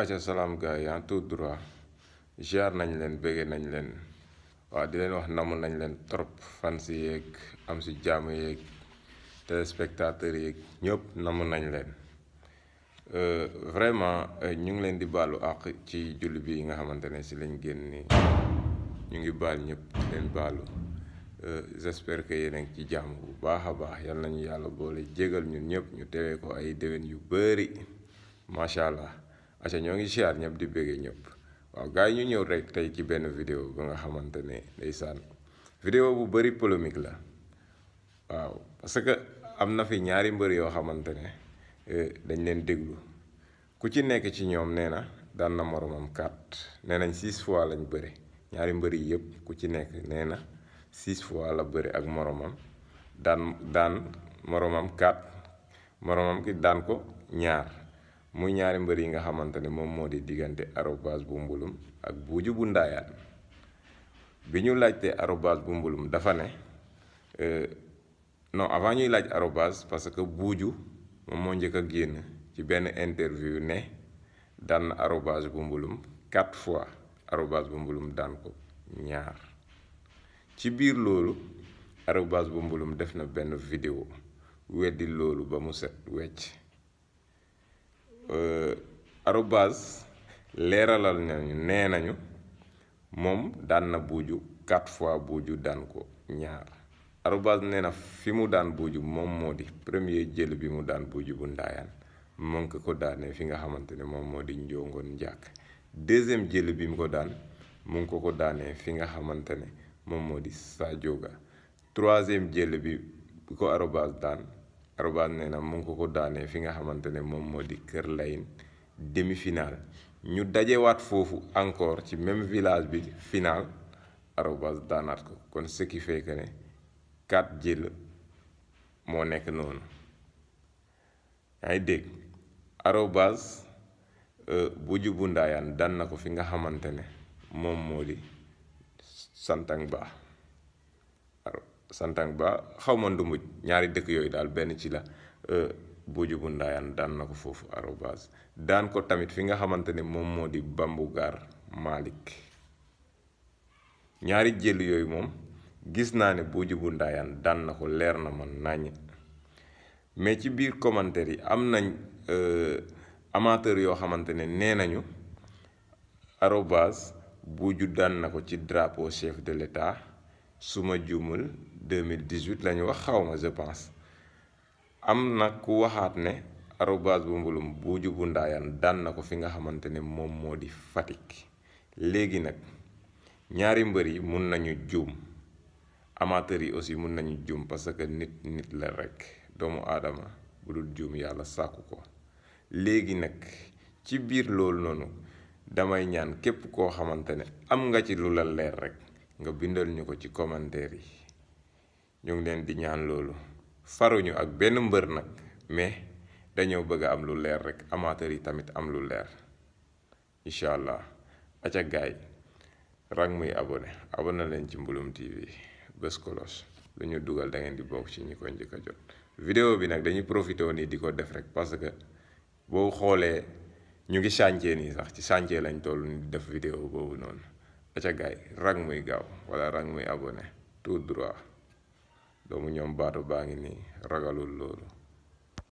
aca salaam gars yi en tout droit jaar nañ leen bëggee nañ leen waaw di leen wax namm nañ leen trop fans yeeg am si jàmm yeeg téléspectateurs yeeg ñëpp namm nañ leen euh, vraiment euh, ñu ngi leen di baalu àq ci julli bi yi nga xamante ne si lañ génn nii ñu ngi baal ñëpp di leen baalu euh, j'espère que yéen ngi ci jàmm bu baax a baax yal nañu yàlla boole jégal ñun ñëpp ñu tewee ko ay déwén yu bëri macha allah. acca ñoo ngi siyaar ñëpp di bëggee ñëpp waaw gars yi ñu ñëw rek tey ci benn vidéo ba nga xamante ne ndeysaan vidéo bu bëri polémique la waaw parce que am na fi ñaari mbër yoo xamante ne eh, dañ leen déglu ku ci nekk ci ñoom nee na daan na moromam quatre nee nañ six fois lañ bëri ñaari mbër yi yëpp ku ci nekk nee na six fois la bëri ak moroomam daan daan moroomam quatre moromam ki daan ko ñaar muy ñaari mbër yi nga xamante ne moom moo di diggante arobase bu mbulum ak buuju bu ndaayaan bi ñu laajtee arobase bu mbulum dafa ne euh, no avant ñuy laaj arobase parce que buuju moom moo njëkk a génn ci benn interview ne daan na arobase bu mbulum quatre fois arobase bu mbulum daan ko ñaar ci biir loolu arobase bu mbulum def na benn vidéo weddi loolu ba mu set wecc arobase leeralal nañu nee nañu moom daan na buuju quatre fois buuju daan ko ñaar arobase nee na fi mu daan buuju moom moo di premier jël bi mu daan buuju bu ndaayaan ko daanee fi nga xamante ne moom moo di njongoon njàkk deuxième jël bi mu ko daan mu ngi ko ko daanee fi nga xamante ne moom moo di Sadioga troisième jël bi bu ko arobase daan arobase nee na mu ngi ko ko daanee fi nga xamante ne moom moo di Kër Layin demi-finale ñu dajewaat foofu encore ci même village bi finale Arobase daanaat ko kon ce qui fait ne quatre jël moo nekk noonu yaa ngi dégg Arobase euh, Buju Ndaayaan daan na ko fi nga xamante ne moom moo di Santang Ba Santang Ba xaw ma Ndumuj ñaari dëkk yooyu daal benn ci la. Euh, buuju bu ndaayaan daan na ko foofu arobase daan ko tamit fi nga xamante ne moom moo di bambugaar Malick ñaari jël yooyu moom gis naa ne buuju bu ndaayaan daan na ko leer na man naññ mais ci biir commentaire yi am nañ euh, amateur yoo xamante ne nee nañu arobase buuju daan na ko ci drapeau chef de l'état su ma juumul 2018 la ñu wax xaw ma je pense. am na ku waxaat ne arobase bu mbulum buuju bu ndaayaan daan na ko fi nga xamante ne moom moo di Fatick léegi nag ñaari mbër yi mun nañu juum amateurs yi aussi mun nañu jum parce que nit nit la rekk doomu aadama bu dul juum yàlla sàkku ko léegi nag ci biir loolu noonu damay ñaan képp koo xamante ne am nga ci lu la leer rekk nga bindal ñu ko ci komanteer yi ñu ngi leen di ñaan loolu faruñu ak benn mbër nag mais dañoo bëgg am lu leer rek amateur yi tamit am lu leer incha allah aca gaay rang muy abonné abonné leen ci mbulum TV bés kolos lu ñu dugal da ngeen di bokk ci ñi ko njëkk a jot vidéo bi nag dañuy profité woon nii di ko def rek parce que boo xoolee ñu ngi chantier nii sax ci chantier lañ toll ni def vidéo boobu noonu aca gaay rang muy gaaw wala rang muy abonné tout droit doomu ñoom baatu baa ngi nii ragalul loolu